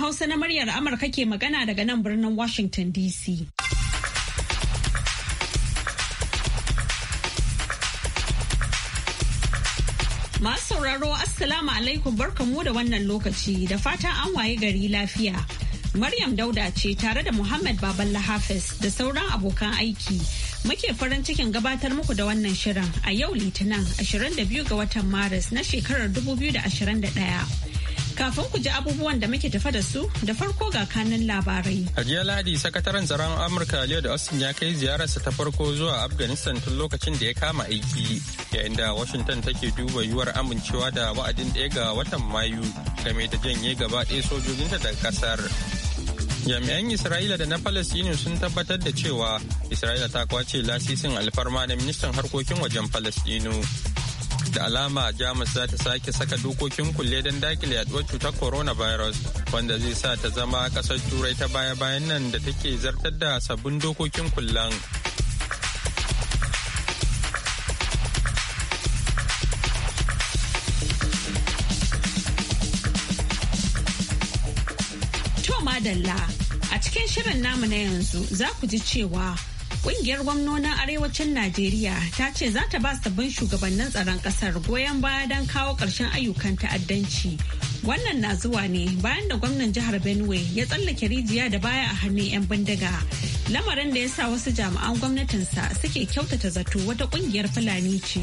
Hausa na muryar Amurka ke magana daga nan birnin Washington DC. Masu sauraro Assalamu alaikum barkamu da wannan lokaci da fatan an waye gari lafiya. Maryam Dauda ce tare da Muhammad Baballa Hafiz da sauran abokan aiki. Muke farin cikin gabatar muku da wannan shirin a yau Litinin 22 ga watan Maris na shekarar 2021. Kafin ku ji abubuwan da muke tafa da su da farko ga kanun labarai. A jiya Lahadi, sakataren tsaron Amurka Leo da Austin ya kai ziyararsa ta farko zuwa Afghanistan tun lokacin da ya kama aiki, yayin da Washington take duba yiwuwar amincewa da wa'adin ɗaya ga watan Mayu game da janye gaba ɗaya sojojinta daga ƙasar. Jami'an Isra'ila da na Falastinu sun tabbatar da cewa Isra'ila ta kwace lasisin alfarma na ministan harkokin wajen Falasdini. da alama a jamus za ta sake saka dokokin kulle don dakile yaduwar cutar coronavirus wanda zai sa ta zama kasar turai ta baya-bayan nan da take zartar da sabbin dokokin kullan madalla a cikin shirin namu na yanzu za ku ji cewa Ƙungiyar gwamnonin Arewacin Najeriya ta ce za ta ba sabbin shugabannin tsaron kasar goyon baya don kawo ƙarshen ayyukan ta'addanci. Wannan na zuwa ne bayan da gwamnan jihar Benue ya tsallake rijiya da baya a hannun 'yan bindiga. Lamarin da ya sa wasu jami'an gwamnatinsa suke kyautata zato wata ƙungiyar Fulani ce.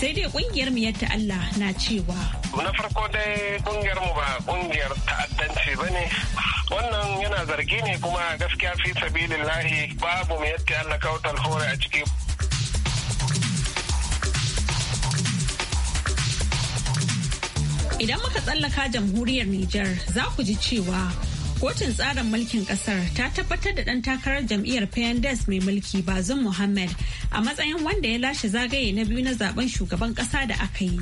sai dai kungiyar mu yadda Allah na cewa. Na farko dai kungiyar mu ba kungiyar ta'addanci ba ne. Wannan yana zargi ne kuma gaskiya fi lahi babu mu yadda Allah kautal hore a ciki. Idan muka tsallaka jamhuriyar Nijar za ku ji cewa Kotun tsarin mulkin kasar ta tabbatar da ɗan takarar jam'iyyar PNDS mai mulki Bazum Muhammad a matsayin wanda ya lashe zagaye na biyu na zaben shugaban kasa da aka yi.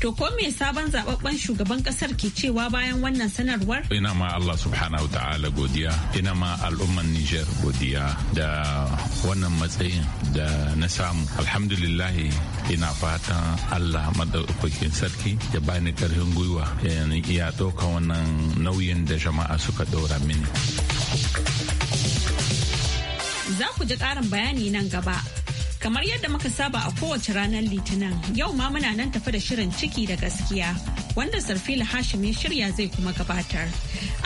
To ko me sabon zababben shugaban kasar ke cewa bayan wannan sanarwar? Ina ma Allah subhanahu ta'ala godiya, ina ma al'umman Niger godiya da wannan matsayin da na samu. Alhamdulillahi ina fatan Allah madaukakin sarki ya bani karfin gwiwa yana iya ɗaukan wannan nauyin da jama'a suka ɗora mini. Za ku ji ƙarin bayani nan gaba. Kamar yadda muka saba a kowace ranar Litinin, yau ma muna nan tafi da shirin ciki da gaskiya, wanda Sarfila Hashim ya shirya zai kuma gabatar.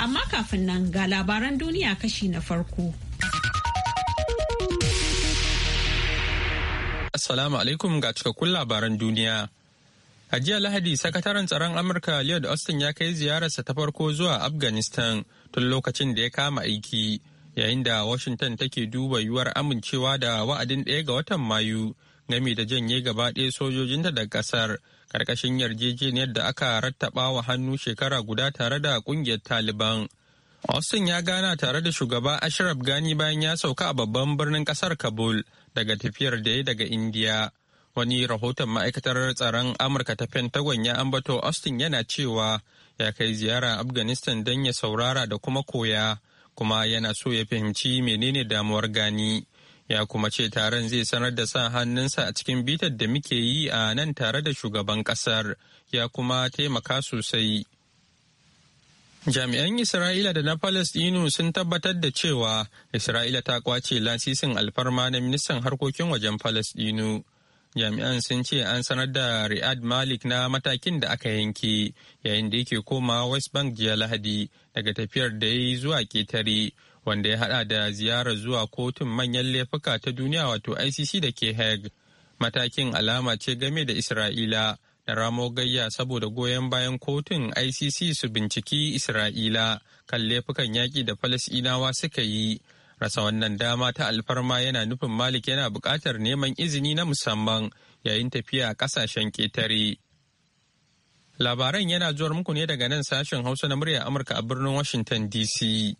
Amma kafin nan ga labaran duniya kashi na farko. Assalamu alaikum ga cikakkun labaran duniya. A jiya Lahadi, sakataren tsaron Amurka Lloyd Austin ya kai ziyararsa ta farko zuwa Afghanistan tun lokacin da ya kama aiki. yayin da washington take duba yiwuwar amincewa da wa'adin ɗaya ga watan mayu game da janye gaba ɗaya sojojinta da ƙasar karkashin yarjejeniyar da aka rattaba wa hannu shekara guda tare da ƙungiyar taliban austin ya gana tare da shugaba ashraf gani bayan ya sauka a babban birnin ƙasar kabul daga tafiyar da ya daga indiya wani rahoton ma'aikatar tsaron amurka ta pentagon ya ambato austin yana cewa ya kai ziyara afghanistan don ya saurara da kuma koya kuma yana so ya fahimci menene damuwar gani ya kuma ce taron zai sanar da sa hannunsa a cikin bitar da muke yi a nan tare da shugaban kasar ya kuma taimaka sosai jami'an isra'ila da na palestinu sun tabbatar da cewa isra'ila ta kwace lasisin alfarma na ministan harkokin wajen palestinu jami'an sun ce an sanar da riad Malik na matakin da aka yanke yayin da yake koma West Bank jiya Lahadi daga tafiyar da ya yi zuwa ketare wanda ya hada da ziyarar zuwa kotun manyan laifuka ta duniya wato ICC da ke Hague. Matakin alama ce game da Isra'ila da ramo gayya saboda goyon bayan kotun ICC su binciki Isra'ila kan laifukan yaƙi da Falasɗinawa suka yi. Rasa wannan dama ta alfarma yana nufin Malik yana buƙatar neman izini na musamman yayin tafiya a ƙasashen ƙetare. Labaran yana zuwar muku ne daga nan sashen Hausa na murya Amurka a birnin Washington DC.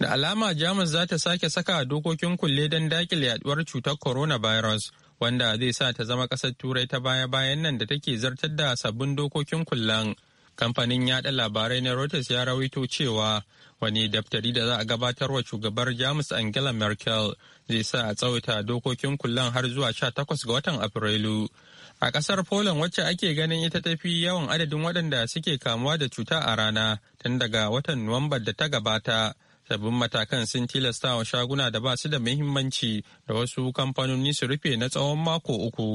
Da alama Jamus za ta sake saka dokokin kulle don dakile yaduwar cutar coronavirus. wanda zai sa ta zama ƙasar turai ta baya-bayan nan da take zartar da sabbin dokokin kullan kamfanin yada labarai na reuters ya rawaito cewa wani daftari da za a gabatar wa shugabar jamus angela merkel zai sa a tsawaita dokokin kullan har zuwa sha takwas ga watan afrilu a kasar poland wacce ake ganin ita tafi yawan adadin waɗanda suke kamuwa da cuta a rana tun daga watan nuwambar da ta gabata sabbin matakan sun tilasta wa shaguna da ba su da muhimmanci da wasu kamfanoni su rufe na tsawon mako uku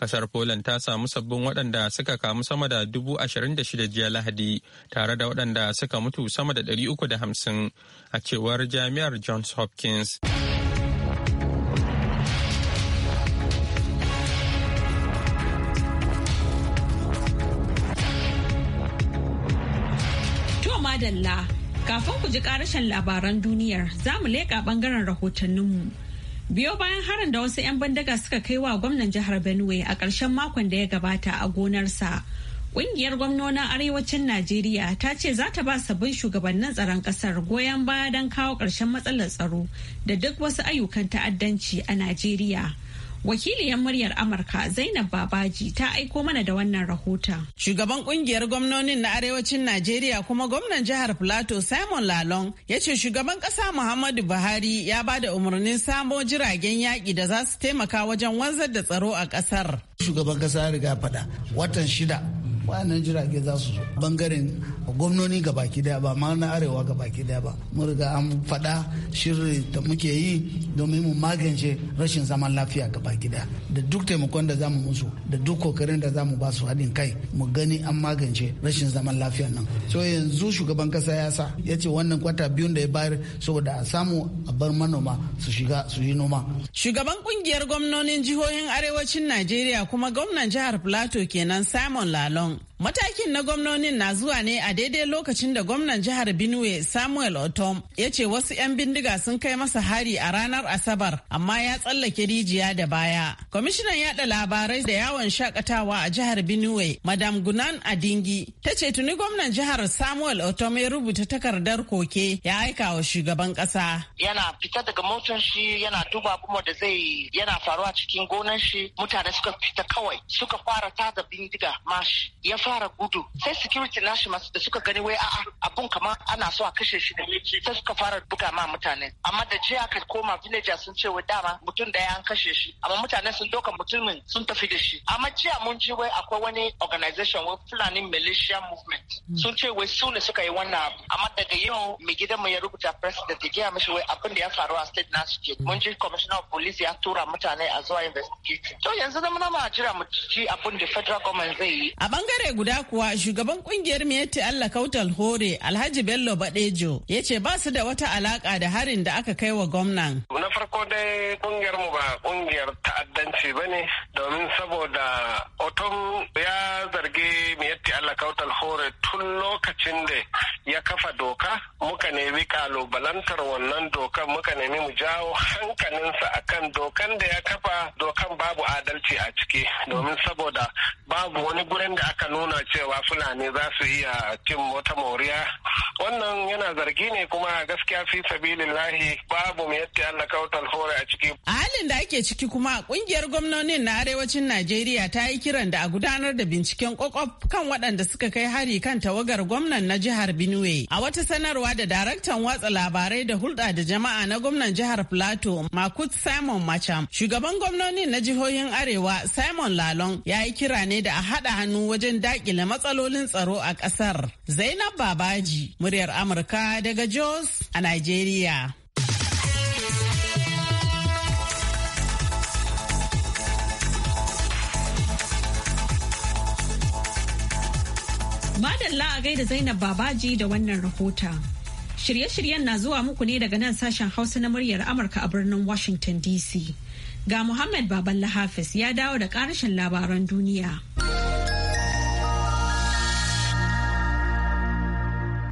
kasar poland ta samu sabbin waɗanda suka kamu sama da dubu ashirin da shida jiya lahadi tare da waɗanda suka mutu sama da ɗari uku da hamsin a cewar jami'ar johns hopkins madalla Kafin ku ji karashen labaran duniyar za mu leƙa ɓangaren rahotanninmu. Biyo bayan harin da wasu 'yan bandaga suka kai wa gwamnan jihar Benue a ƙarshen makon da ya gabata a gonarsa. Ƙungiyar gwamnonin arewacin Najeriya ta ce za ta ba sabbin shugabannin tsaron ƙasar goyon baya don kawo ƙarshen matsalar tsaro da duk wasu ayyukan ta'addanci a Najeriya. Wakiliyar muryar Amurka Zainab Babaji ta aiko mana da wannan rahoton. Shugaban kungiyar gwamnonin na arewacin Najeriya kuma gwamnan jihar Plateau Simon Lalong ya ce shugaban kasa Muhammadu Buhari ya ba da umarnin samo jiragen yaƙi da za su taimaka wajen wanzar da tsaro a ƙasar. Shugaban kasa ya riga faɗa watan shida wayannan jirage za su zo bangaren gwamnoni gabaki daya ba ma na arewa gabaki daya ba mun riga an faɗa shirin da muke yi domin mu magance rashin zaman lafiya gabaki daya da duk taimakon da zamu musu da duk kokarin da zamu ba su haɗin kai mu gani an magance rashin zaman lafiya nan so yanzu shugaban kasa ya sa ya ce wannan kwata biyun da ya bayar saboda a samu a bar manoma su shiga su yi noma shugaban kungiyar gwamnonin jihohin arewacin najeriya kuma gwamnan jihar plateau kenan simon lalong Um, Matakin na gwamnonin na zuwa ne a daidai lokacin da gwamnan jihar Benue Samuel Otom ya ce wasu 'yan bindiga sun kai masa hari a ranar Asabar amma ya tsallake rijiya da baya. Kwamishinan yada labarai da yawon shakatawa a jihar Benue, Madam Gunan Adingi, ta ce tuni gwamnan jihar Samuel Otom ya rubuta takardar koke ya aika wa shugaban kasa. Yana fita daga motar shi yana duba da zai yana faruwa cikin gonan shi mutane suka fita kawai suka fara tada bindiga mashi fara gudu sai security nashi masu da suka gani wai a'a abun kamar ana so a kashe shi da sai suka fara buga ma mutane amma da jiya ka koma villager sun ce wai dama mutum daya an kashe shi amma mutane sun doka mutumin sun tafi da shi amma jiya mun ji wai akwai wani organization wai Fulani Militia Movement hmm. sun ce wai su ne suka yi wannan abu amma daga yau mai gidan mu ya rubuta president ya gaya mishi wai abin da ya faru a state nasu ke mun ji commissioner of police ya tura mutane a zuwa investigation to yanzu zama na ma jira mu ji abin da federal government zai yi a bangare guda kuwa shugaban kungiyar miyatti Allah Kautal Hore Alhaji Bello Badejo ya ce ba su da wata alaka da harin da aka kai wa gwamnan. Na farko dai kungiyar mu ba kungiyar ta'addanci ba ne domin saboda Otom ya zargi miyatti Allah Kautal Hore tun lokacin da ya kafa doka muka nemi kalubalantar wannan dokan muka nemi mu jawo hankalinsa akan dokan da ya kafa dokan ciki domin saboda babu wani gurin da aka nuna cewa fulani za su iya cin wata moriya wannan yana zargi ne kuma gaskiya fi lahi babu mai yadda Allah hore a ciki a halin da ake ciki kuma kungiyar gwamnonin na arewacin Najeriya ta yi kiran da a gudanar da binciken kokof kan waɗanda suka kai hari kan tawagar gwamnan na jihar Benue a wata sanarwa da daraktan watsa labarai da hulɗa da jama'a na gwamnan jihar Plateau Makut Simon Macham shugaban gwamnonin na jihohin arewa Simon Lalon ya yi kira ne da a haɗa hannu wajen daƙile matsalolin tsaro a ƙasar. Zainab Babaji, muryar Amurka daga Jos a Najeriya. Madalla a gaida Zainab Babaji da wannan rahota. Shirye-shiryen na zuwa muku ne daga nan sashen Hausa na muryar Amurka a birnin Washington DC. Ga Muhammad Baballa Hafiz ya dawo da ƙarashin labaran duniya.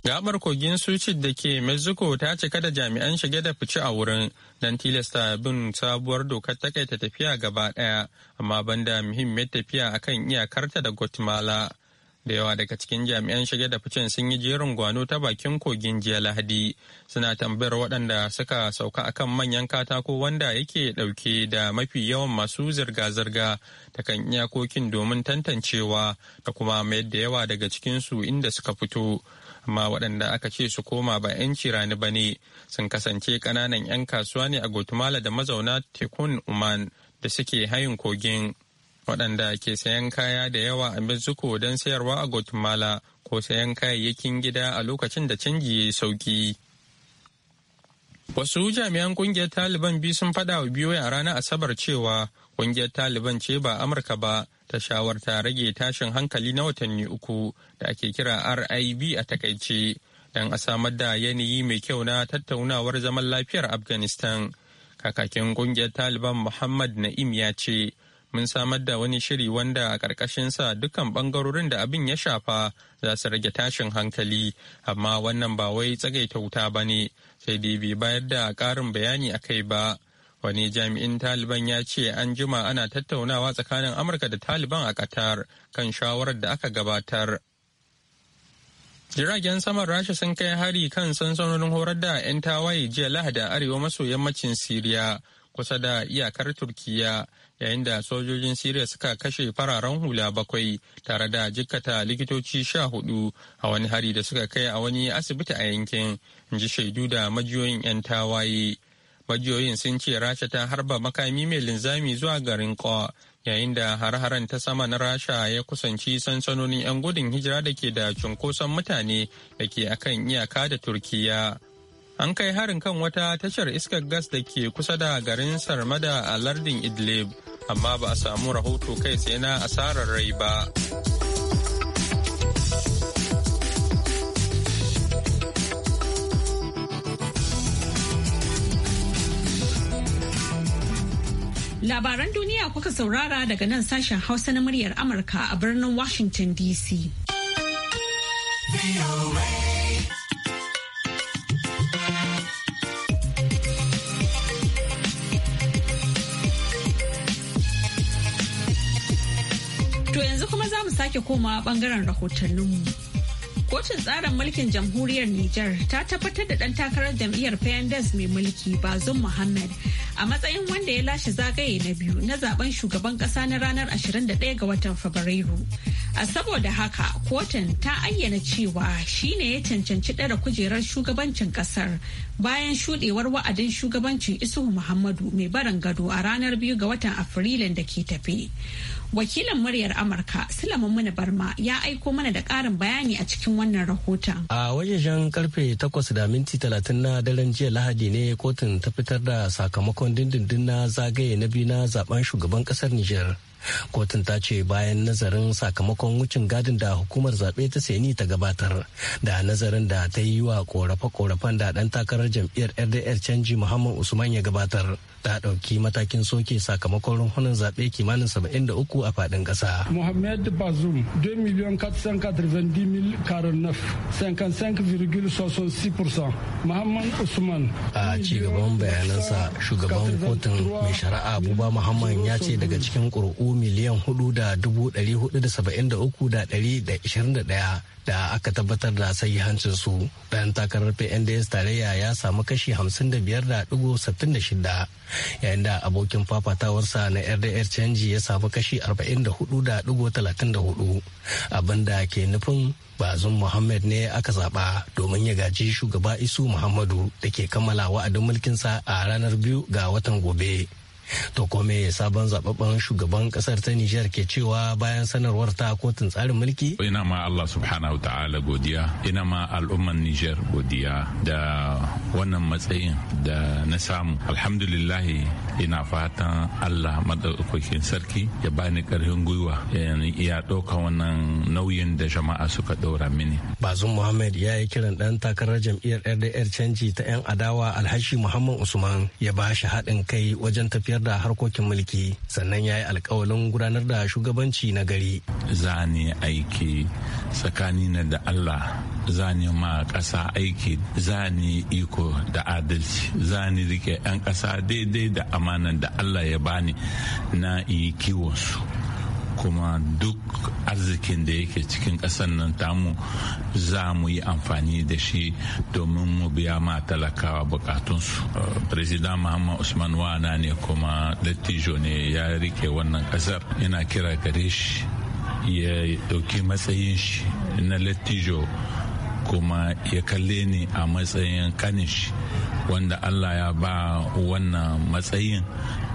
Gabar kogin suci da ke Mexico ta cika da jami'an shige da fice a wurin don tilasta bin sabuwar dokar takaita tafiya gaba ɗaya, amma banda muhimmiyar tafiya akan iyakarta da Guatemala. da yawa daga cikin jami'an shige da ficen sun yi jerin gwano ta bakin kogin jiya lahadi suna tambayar waɗanda suka sauka akan manyan katako wanda yake ɗauke da mafi yawan masu zirga-zirga ta kan iyakokin domin tantancewa da kuma mayar da yawa daga cikinsu inda suka fito amma waɗanda aka ce su koma ba 'yanci rani ba ne sun kasance ƙananan 'yan kasuwa ne a guatemala da mazauna tekun uman da suke hayin kogin waɗanda ke sayan kaya da yawa a mexico don sayarwa a guatemala ko sayan kayayyakin gida a lokacin da canji ya sauki wasu jami'an ƙungiyar taliban biyu sun faɗa wa biyu a ranar asabar cewa ƙungiyar taliban ce ba amurka ba ta shawarta rage tashin hankali na watanni uku da ake kira rib a takaice don a samar da yanayi mai kyau na tattaunawar zaman lafiyar afghanistan kakakin ƙungiyar taliban muhammad na'im ya ce mun samar da wani shiri wanda a ƙarƙashinsa dukkan ɓangarorin da abin ya shafa za su rage tashin hankali amma wannan ba wai tsagaita wuta ba ne sai dai bai bayar da ƙarin bayani a kai ba wani jami'in taliban ya ce an jima ana tattaunawa tsakanin amurka da taliban a qatar kan shawarar da aka gabatar jiragen saman rasha sun kai hari kan sansanonin horar da 'yan tawaye jiya lahadi a arewa maso yammacin siriya kusa da iyakar turkiya yayin da sojojin Siriya suka kashe fararen hula bakwai tare da jikkata likitoci sha hudu a wani hari da suka kai a wani asibiti a yankin, in ji shaidu da majiyoyin 'yan tawaye. Majiyoyin sun ce Rasha ta harba makami mai linzami zuwa garin Kwa yayin da har-haren ta sama na Rasha ya kusanci sansanonin 'yan gudun hijira da ke da cunkoson mutane da ke akan iyaka da turkiya. an kai harin kan wata tashar iskar gas da ke kusa da garin sarmada a lardin idlib amma ba a samu rahoto kai tsaye na asarar rai ba Labaran duniya kuka saurara daga nan sashen Hausa na muryar Amurka a birnin Washington DC. to yanzu kuma za mu sake komawa bangaren rahotanninmu. Kotun tsarin mulkin jamhuriyar Nijar ta tabbatar da ɗan takarar jam'iyyar PNDS mai mulki Bazum Muhammad a matsayin wanda ya lashe zagaye na biyu na zaben shugaban ƙasa na ranar 21 ga watan Fabrairu. A saboda haka kotun ta ayyana cewa shi ne ya cancanci ɗara kujerar shugabancin ƙasar bayan shuɗewar wa'adin shugabancin Isuhu Muhammadu mai barin gado a ranar biyu ga watan Afrilun da ke tafe. Wakilin muryar Amurka Sulaiman mana Barma ya aiko mana da ƙarin bayani a cikin wannan rahoton. A wajejen karfe 8 da minti 30 na daren jiya Lahadi ne kotun ta fitar da sakamakon dindindin na zagaye na biyu na zaben shugaban kasar Nijar. kotun ta ce bayan nazarin sakamakon wucin gadin da hukumar zaɓe ta seni ta gabatar da nazarin da ta yi wa korafe-korafen da ɗan takarar jam'iyyar rdl canji muhammad usman ya gabatar ta ɗauki matakin soke sakamakon runhunan zaɓe kimanin 73 a faɗin ƙasa. Muhammad Bazoum 2,490,049,55,66%. Muhammad Usman. A ci gaban bayanansa shugaban kotun mai shari'a Abuba Muhammad ya ce daga cikin ƙuri'u miliyan hudu da dubu ɗari hudu da saba'in da uku da ɗari da ishirin da ɗaya da aka tabbatar da sai hancin su ɗan takarar pnds tarayya ya samu kashi hamsin da biyar da sittin da shida yayin da abokin fafatawarsa na rdr canji ya samu kashi arba'in da hudu da talatin da hudu Abinda ke nufin bazum muhammad ne aka zaɓa domin ya gaji shugaba isu muhammadu da ke kammala wa'adin mulkinsa a ranar biyu ga watan gobe. To kome sabon zababben shugaban kasar ta Nijar ke cewa bayan sanarwar ta kotun tsarin mulki? Ina ma Allah subhanahu ta'ala godiya, ina ma al'umman Nijar godiya da wannan matsayin da na samu. Alhamdulillah ina fatan Allah madaukakin sarki ya bani karfin gwiwa ya ɗauka wannan nauyin da jama'a suka ɗora mini. Bazum Muhammad ya yi kiran dan takarar jam'iyyar RDR canji ta 'yan adawa Alhashi Muhammad Usman ya ba shi haɗin kai wajen tafiyar da harkokin mulki sannan ya yi alkawalin gudanar da shugabanci na gari. Za ne aiki na da Allah za ne ma ƙasa aiki za ne iko da adalci za ne rike 'yan ƙasa daidai da amanan da Allah ya bani na yi kiwonsu. kuma duk arzikin da yake cikin ƙasar nan tamu za mu yi amfani da shi domin mu biya ma talakawa bukatunsu president muhammad usman wana ne kuma dattijo ne ya rike wannan ƙasar Yana kira gare shi ya ɗauki matsayin shi na dattijo kuma ya kalle ni a matsayin kanin shi wanda allah ya ba wannan matsayin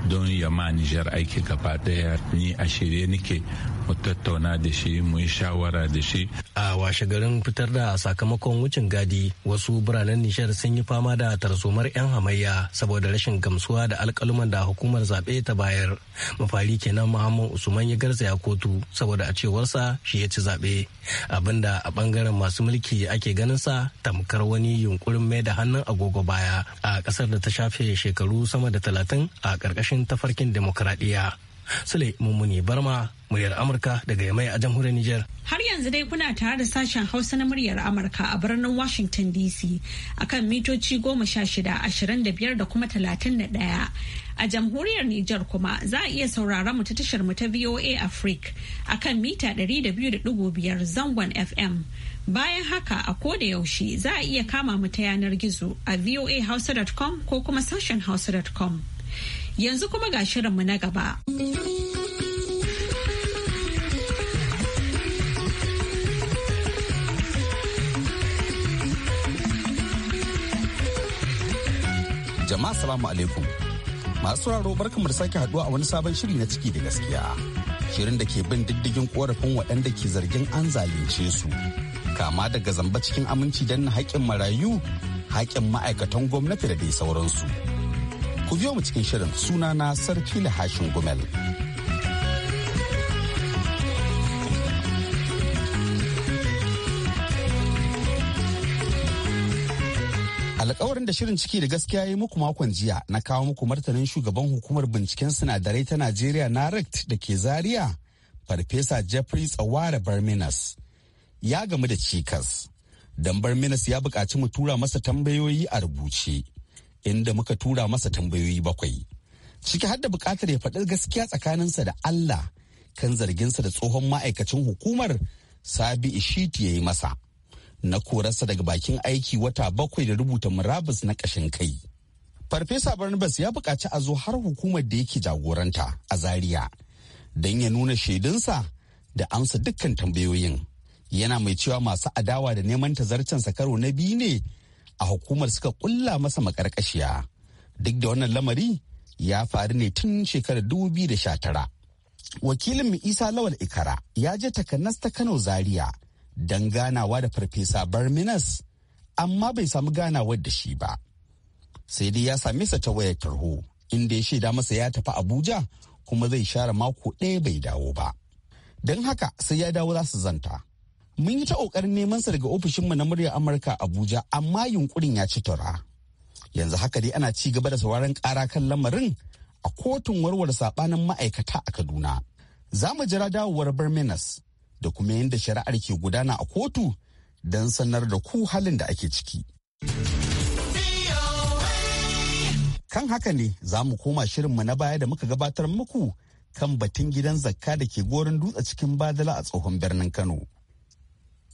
don ya ma nijar aiki gaba daya ni a shirye nike mu tattauna da shi mu yi shawara da shi a washe garin fitar da sakamakon wucin gadi wasu biranen nishar sun yi fama da tarzomar 'yan hamayya saboda rashin gamsuwa da alkaluman da hukumar zaɓe ta bayar mafari kenan muhammad usman ya garzaya kotu saboda a cewarsa shi ya ci zaɓe abinda a ɓangaren masu mulki ake ganin sa tamkar wani yunkurin mai da hannun agogo baya a ƙasar da ta shafe shekaru sama da talatin a ƙarƙashin tafarkin demokradiyya Sule Mummuni Barma muryar Amurka daga Yamai a jamhuriyar Nijar. Har yanzu dai kuna tare da sashen Hausa na muryar Amurka a birnin Washington DC akan mitoci goma sha shida ashirin da biyar da kuma talatin da ɗaya. A jamhuriyar Nijar kuma za a iya saurara mu ta tashar mu ta VOA Africa akan mita ɗari da biyu da ɗigo biyar zangon FM. Bayan haka a ko da yaushe za a iya kama mu ta yanar gizo a voahausa.com ko kuma sashen hausa.com. Yanzu kuma ga shirinmu na gaba. Jama'a salamu alaikum. Masu sauraro barkamu da sake haduwa a wani sabon shiri na ciki da gaskiya. Shirin da ke bin diddigin korafin waɗanda ke zargin an zalunce su. Kama daga zamba cikin aminci don haƙƙin marayu, haƙƙin ma'aikatan gwamnati da dai sauransu. ku biyo mu cikin shirin suna na sarki lahashin gumel. alkawarin da shirin ciki da gaskiya yi muku makon jiya na kawo muku martanin shugaban hukumar binciken sinadarai ta najeriya na narect da ke zaria farfesa jeffrey tsawara barminas ya gamu da cikas don barminas ya buƙaci mu tura masa tambayoyi a rubuce inda muka tura masa tambayoyi bakwai. Ciki har da buƙatar ya faɗi gaskiya tsakaninsa da Allah kan zarginsa da tsohon ma'aikacin hukumar Sabi Ishiti ya yi masa. Na korarsa daga bakin aiki wata bakwai da rubuta murabus na ƙashin kai. Farfesa Barnabas ya buƙaci a zo har hukumar da yake jagoranta a Zaria don ya nuna shaidunsa da amsa dukkan tambayoyin. Yana mai cewa masu adawa da neman tazarcensa karo na biyu ne a hukumar suka kulla masa makarkashiya duk da wannan lamari ya faru ne tun shekarar 2019 wakilin isa lawal ikara ya je takanas ta kano zaria don ganawa da farfesa barminas amma bai samu ganawar da shi ba sai dai ya same sa ta wayar tarho inda ya shaida masa ya tafi abuja kuma zai share mako ɗaya bai dawo ba don haka sai ya dawo za su zanta mun yi ta ƙoƙarin neman sa daga ofishin mu na muryar amurka abuja amma yunkurin ya ci tura yanzu haka dai ana ci gaba da sauraron ƙara kan lamarin a kotun warware saɓanin ma'aikata a kaduna za mu jira dawowar barmenas da kuma yadda shari'ar ke gudana a kotu don sanar da ku halin da ake ciki kan haka ne za mu koma shirin mu na baya da muka gabatar muku kan batun gidan zakka da ke gorin dutse cikin badala a tsohon birnin kano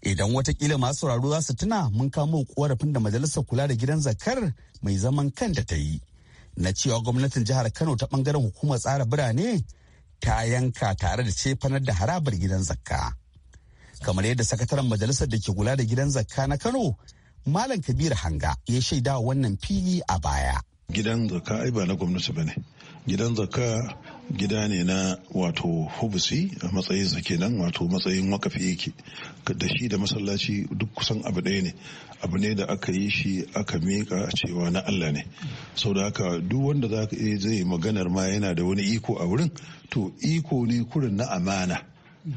Idan watakila masu sauraro za su tuna mun kamo korafin da majalisar kula da gidan zakar mai zaman kan da ta yi. Na cewa gwamnatin jihar Kano ta bangaren hukumar tsara birane ta yanka tare da cefanar da harabar gidan zakka. Kamar yadda sakataren majalisar da ke kula da gidan zakka na Kano, Malam Kabir Hanga ya shaida wannan fili a baya. Gidan zakka ai ba na gwamnati ba Gidan zakka gida ne na wato hubusi a matsayin sa kenan wato matsayin wakafi yake da shi da masallaci duk kusan abu ɗaya ne abu ne da aka yi shi aka miƙa cewa na Allah ne sau da haka duk wanda za ka zai maganar ma yana da wani iko a wurin to iko ne kurin na amana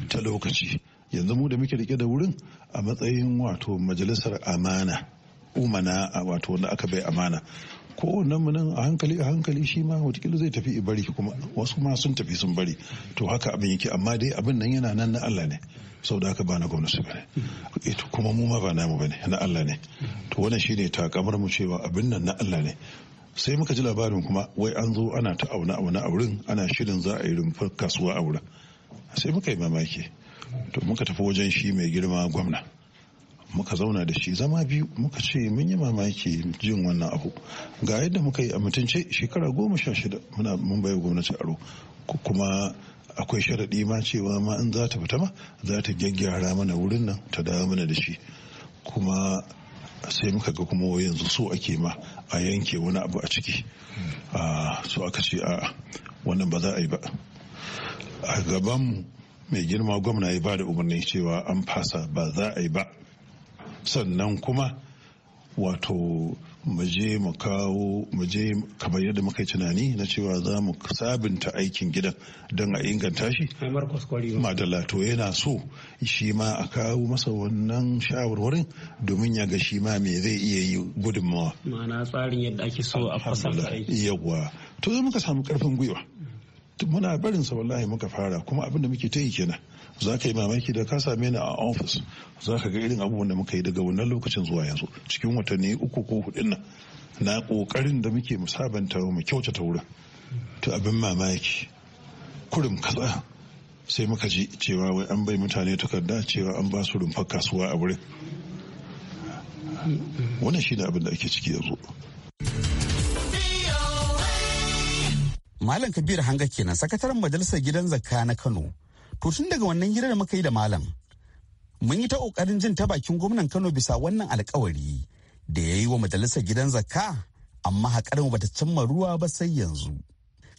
ta lokaci yanzu mu da muke rike da wurin a matsayin wato majalisar amana umana wato wanda aka bai amana kowannen mu nan a hankali a hankali shi ma wataƙila zai tafi bari kuma wasu ma sun tafi sun bari to haka abin yake amma dai abin nan yana nan na Allah ne sau da haka ba na gwamnati bane ita eh, kuma mu ma ba namu ne na Allah ne to wannan shine takamar mu cewa abin nan na Allah ne sai muka ji labarin kuma wai an zo ana ta auna auna a wurin ana shirin za a yi rumfar kasuwa a wurin sai muka yi mamaki to muka tafi wajen shi mai girma gwamna muka zauna da shi zama biyu muka ce mun yi mamaki jin wannan abu ga yadda muka yi a mutunce shekara goma sha shida muna mun bai gwamnati aro kuma akwai sharaɗi ma cewa ma in za ta fita ma za ta gyaggyara mana wurin nan ta dawo mana da shi kuma sai muka ga kuma yanzu so ake ma a yanke wani abu a ciki so aka ce a wannan ba za a yi ba a gabanmu mai girma gwamna ya ba da umarni cewa an fasa ba za a yi ba sannan kuma wato muje mu kawo maje kamar yadda muka yi tunani na cewa za mu sabinta aikin gidan don a inganta shi madalla to yana so shi ma a kawo masa wannan shawarwarin domin ya ga shi ma me zai iya yi gudunmawa ma'ana tsarin yadda ake so a aiki yawwa to zai muka samu karfin gwiwa muna barin sa wallahi muka fara kuma abin da muke ta yi kenan za ka yi mamaki da ka same ni a ofis za ka ga irin abubuwan da muka yi daga wannan lokacin zuwa yanzu cikin watanni uku ko hudu na na kokarin da muke musabanta mu kyautata wurin to abin mamaki kurum katsa sai muka ji cewa wai an bai mutane takarda cewa an ba su rumfar kasuwa a wurin wannan shi ne abin da ake ciki yanzu Malam Kabir Hanga kenan sakataren majalisar gidan zakka na Kano. To tun daga wannan gidan da muka yi da malam. Mun yi ta kokarin jin ta bakin gwamnan Kano bisa wannan alkawari da ya yi wa majalisar gidan zakka amma haƙarin ta cimma ruwa ba sai yanzu.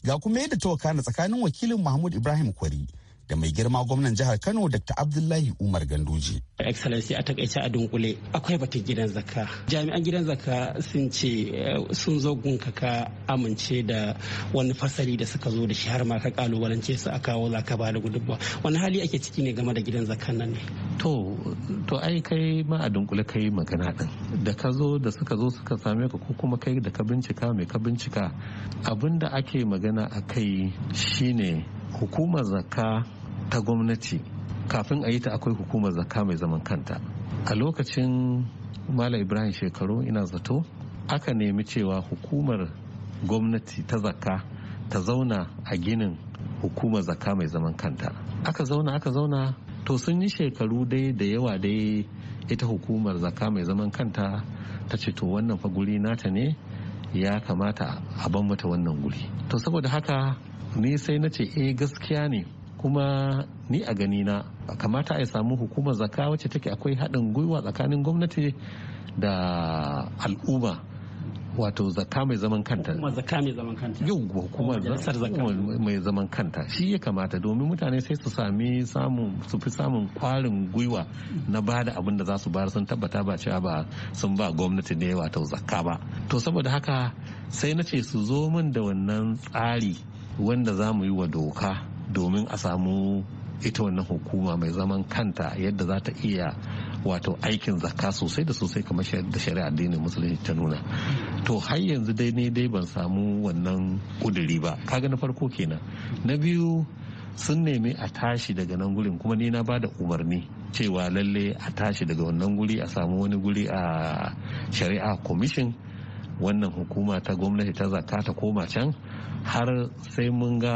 Ga kuma yadda ta wakana tsakanin wakilin Mahmud Ibrahim Kwari da mai girma gwamnan jihar Kano Dr. Abdullahi Umar Ganduje. Excellency a takaice a dunkule akwai batun gidan zakka. Jami'an gidan zakka sun ce eh, sun zo gunka ka amince da wani fasali da suka zo da shi har ma ka kalubalance su a kawo zaka ba da gudubba Wani hali ake ciki ne game da gidan zakkan nan ne? To to ai kai ma a dunkule kai magana din. Da ka zo da suka zo suka same ka ko kuma kai da ka bincika mai ka bincika abinda ake magana a kai shine hukumar zakka ta gwamnati kafin a yi ta akwai hukumar zakka mai zaman kanta a lokacin malam ibrahim shekaru ina zato aka nemi cewa hukumar gwamnati ta zakka ta zauna a ginin hukumar zakka mai zaman kanta aka zauna aka zauna to sun yi shekaru dai da yawa dai ita hukumar zakka mai zaman kanta ta ce to wannan fa guri nata ne ya kamata a ban mata wannan guri to saboda haka ni sai na ce eh gaskiya ne kuma ni a ganina kamata a samu hukumar zaka wacce take akwai haɗin gwiwa tsakanin gwamnati da al'umma wato zaka mai zaman kanta mai zaman kanta yau hukumar mai zaman kanta shi ya kamata domin mutane sai su sami samun su fi samun kwarin gwiwa na ba da abin da za su bayar sun tabbata ba cewa ba sun ba gwamnati ne wato zaka ba to saboda haka sai na ce su zo min da wannan tsari wanda za mu yi wa doka domin a samu ita wannan hukuma mai zaman kanta yadda za ta iya wato aikin zakka sosai da sosai kamar da shari'a addinin musulunci ta nuna to har yanzu dai ne dai ban samu wannan kuduri ba kaga na farko kenan na biyu sun nemi a tashi daga nan gurin kuma ni na bada umarni cewa lalle a tashi daga wannan guri a samu wani guri a shari'a commission wannan hukuma ta gwamnati ta zakka ta koma can har sai mun ga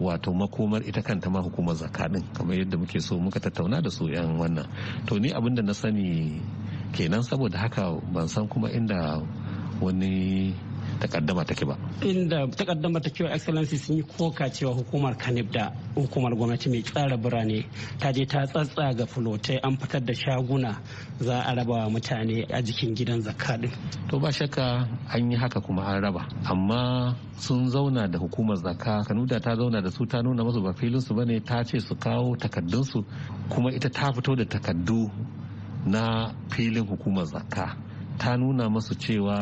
wato makomar ita kanta ma hukumar din kamar yadda muke so muka tattauna da su 'yan wannan to ni abin da na sani kenan saboda haka ban san kuma inda wani takaddama take ba inda takaddama take wa excellency sun yi koka cewa hukumar kanib da hukumar gwamnati mai tsara birane ta je ta tsatsa ga fulotai an fitar da shaguna za a raba wa mutane a jikin gidan zakka din to ba shakka an yi haka kuma an raba amma sun zauna da hukumar zakka kanuda ta zauna da su ta nuna masu ba filin su bane ta ce su kawo takaddun su kuma ita ta fito da takaddu na filin hukumar zakka ta nuna masu cewa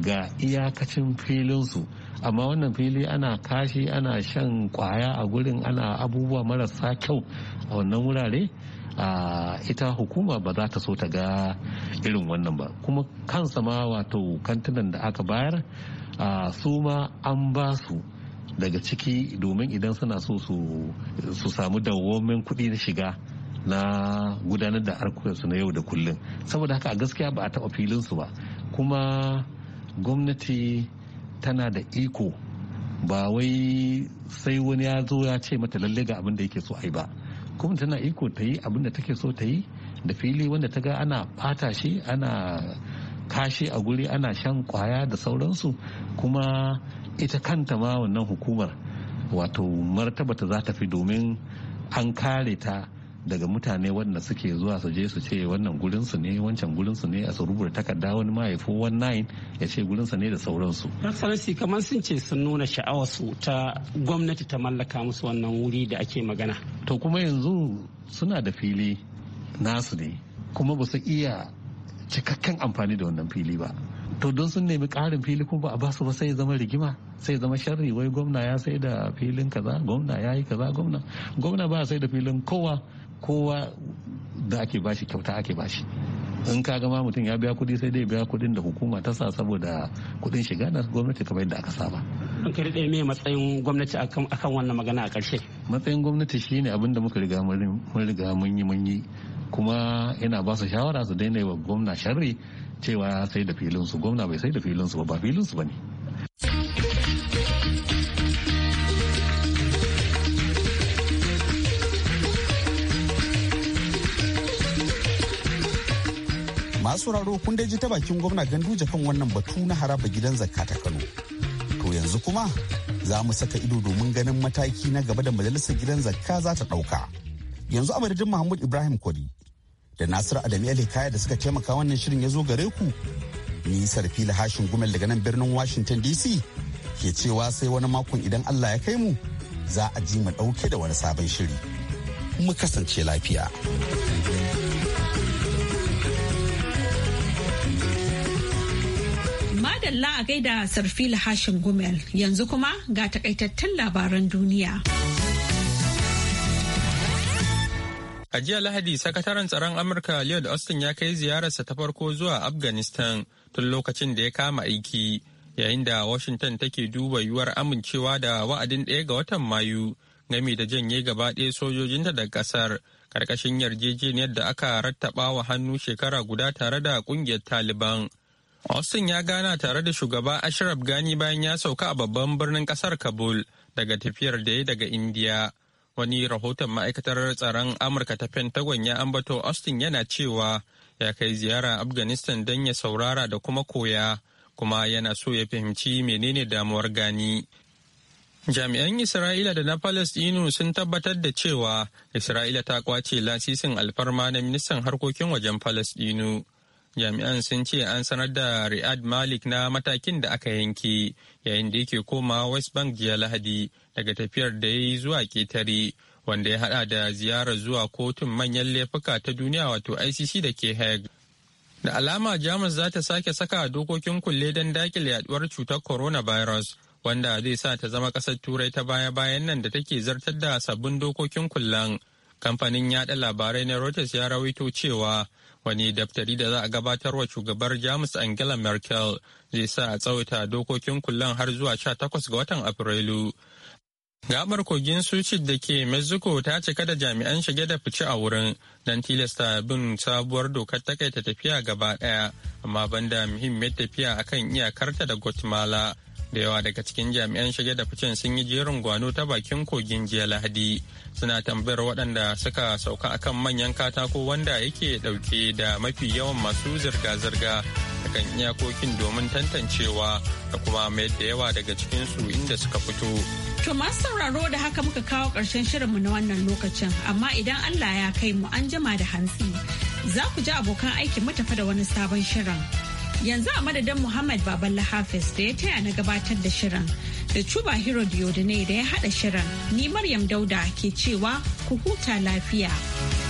ga iyakacin filinsu amma wannan fili ana kashi ana shan kwaya a gurin ana abubuwa marasa kyau a wannan wurare a ita hukuma ba za ta so ta ga irin wannan ba kuma kansa ma wato kantunan da aka bayar su ma an ba su daga ciki domin idan suna so su samu dawwamin kudi na shiga na gudanar da harkokinsu na yau da kullum saboda haka a gaskiya ba a taɓa filinsu ba kuma gwamnati tana da iko ba wai sai wani ya zo ya ce mata lalle ga abin da yake so ai ba kuma tana iko ta yi abin da take so ta yi da fili wanda ta ga ana bata shi ana kashi a guri ana shan kwaya da sauransu kuma ita kanta ma wannan hukumar wato martaba ta za ta fi domin an kare ta daga mutane wanda suke zuwa su je su ce wannan gurin su ne wancan gurin su ne a su rubuta takarda wani mahaifin one ya ce gurin su ne da sauransu. Excellency kamar sun ce sun nuna sha'awar su ta gwamnati ta mallaka musu wannan wuri da ake magana. To kuma yanzu suna da fili nasu ne kuma ba su iya cikakken amfani da wannan fili ba. to don sun nemi ƙarin fili kuma ba a basu ba sai zama rigima sai zama sharri wai gwamna ya sai da filin kaza gwamna ya yi kaza gwamna gwamna ba sai da filin kowa kowa da ake bashi kyauta ake bashi in ka gama mutum ya biya kuɗi sai dai biya kuɗin da hukuma ta sa saboda kuɗin shiga na gwamnati kamar yadda aka saba. An ka riɗe mai matsayin gwamnati akan wannan magana a ƙarshe. Matsayin gwamnati shine abin da muka riga mun riga mun yi mun yi kuma yana ba su shawara su daina yi wa gwamna sharri cewa sai da filinsu gwamna bai sai da filinsu ba ba filinsu ba ne. masu sauraro kun dai ji ta bakin gwamna ganduje kan wannan batu na haraba gidan zakka ta kano to yanzu kuma za mu saka ido domin ganin mataki na gaba da majalisar gidan zakka za ta ɗauka yanzu a madadin mahmud ibrahim kwari da nasir adami alikaya da suka taimaka wannan shirin ya zo gare ku ni sarfila hashin gumel daga nan birnin washington dc ke cewa sai wani makon idan allah ya kai mu za a ji mu ɗauke da wani sabon shiri mu kasance lafiya. Madalla a gaida Sarfila hashin Gumel yanzu kuma ga takaitattun labaran duniya. A jiya Lahadi, Sakataren Tsaron Amurka Lloyd Austin ya kai ziyararsa ta farko zuwa Afghanistan tun lokacin da ya kama aiki, yayin da Washington take duba yiwuwar amincewa da wa'adin ɗaya ga watan Mayu game da janye gaba ɗaya sojojinta daga ƙasar ƙarƙashin yarjejeniyar da aka rattaba wa hannu shekara guda tare da ƙungiyar Taliban. Austin ya gana tare da shugaba Ashraf Gani bayan ya sauka a babban birnin kasar Kabul daga tafiyar da ya daga India. Wani rahoton ma'aikatar tsaron Amurka ta Pentagon ya ambato Austin yana cewa ya kai ziyara Afghanistan don ya saurara da kuma koya, kuma yana so ya fahimci menene damuwar Gani. Jami'an Isra'ila da na Falasɗinu sun tabbatar da cewa Isra'ila ta kwace lasisin alfarma na ministan harkokin wajen Falasɗinu jami'an sun ce an sanar da Riyad Malik na matakin da aka yanke yayin da yake koma West Bank jiya Lahadi daga tafiyar da ya yi zuwa ketare wanda ya hada da ziyarar zuwa kotun manyan laifuka ta duniya wato ICC da ke Hague. Da alama Jamus za ta sake saka dokokin kulle don dakile yaduwar cutar coronavirus wanda zai sa ta zama kasar turai ta baya-bayan nan da take zartar da sabbin dokokin kullan. Kamfanin yaɗa labarai na Reuters ya rawaito cewa wani daftari da za a gabatar wa shugabar jamus angela merkel zai sa a tsawaita dokokin kullan har zuwa 18 ga watan afrilu gabar kogin suci da ke mexico ta cika da jami'an shige da fice a wurin don tilasta bin sabuwar dokar takaita tafiya gaba daya amma banda muhimmiyar tafiya akan iyakarta da guatemala da yawa daga cikin jami'an shige da ficen sun yi jerin gwano ta bakin kogin jiya lahadi suna tambayar waɗanda suka sauka akan manyan katako wanda yake ɗauke da mafi yawan masu zirga-zirga kan iyakokin domin tantancewa da kuma mayar da yawa daga cikin cikinsu inda suka fito To masu sauraro da haka muka kawo ƙarshen shirinmu na wannan lokacin, amma idan Allah ya kai mu an jima da hantsi, za ku ji abokan aikin mu tafi da wani sabon shirin. yanzu a madadin Muhammad Baballa Hafiz da ya taya na gabatar da shirin da Cuba Hero ne da ya haɗa shirin ni Maryam Dauda ke cewa ku huta lafiya.